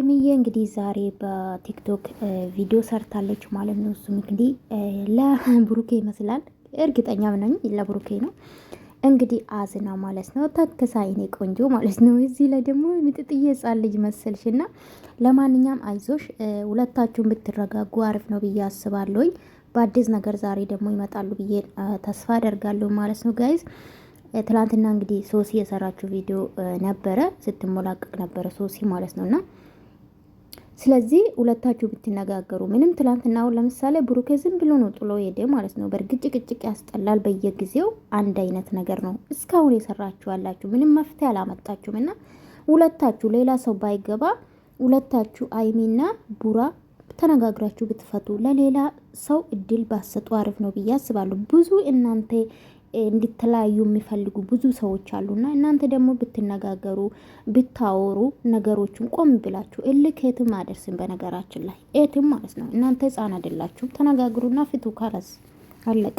ሀይሚዬ እንግዲህ ዛሬ በቲክቶክ ቪዲዮ ሰርታለች ማለት ነው። እሱም እንግዲህ ለብሩኬ ይመስላል፣ እርግጠኛ ነኝ ለብሩኬ ነው። እንግዲህ አዝና ማለት ነው ተክሳ አይኔ ቆንጆ ማለት ነው። እዚህ ላይ ደግሞ ምጥጥዬ ህጻን ልጅ መሰልሽ እና ለማንኛውም አይዞሽ፣ ሁለታችሁን ብትረጋጉ አሪፍ ነው ብዬ አስባለሁኝ። በአዲስ ነገር ዛሬ ደግሞ ይመጣሉ ብዬ ተስፋ አደርጋለሁ ማለት ነው ጋይዝ። ትላንትና እንግዲህ ሶሲ የሰራችው ቪዲዮ ነበረ፣ ስትሞላቀቅ ነበረ ሶሲ ማለት ነው እና ስለዚህ ሁለታችሁ ብትነጋገሩ ምንም። ትላንትና አሁን ለምሳሌ ብሩኬ ዝም ብሎ ነው ጥሎ ሄደ ማለት ነው። በእርግጥ ጭቅጭቅ ያስጠላል። በየጊዜው አንድ አይነት ነገር ነው እስካሁን የሰራችሁ አላችሁ ምንም መፍትሄ አላመጣችሁም። እና ሁለታችሁ ሌላ ሰው ባይገባ ሁለታችሁ አይሚና ቡራ ተነጋግራችሁ ብትፈቱ ለሌላ ሰው እድል ባሰጡ አሪፍ ነው ብዬ አስባለሁ። ብዙ እናንተ እንዲተለያዩ የሚፈልጉ ብዙ ሰዎች አሉና እናንተ ደግሞ ብትነጋገሩ ብታወሩ ነገሮችን ቆም ብላችሁ እልክ የትም አደርስም። በነገራችን ላይ የትም ማለት ነው። እናንተ ህፃን አይደላችሁም። ተነጋግሩና ፍቱ። ካላስ አለቀ።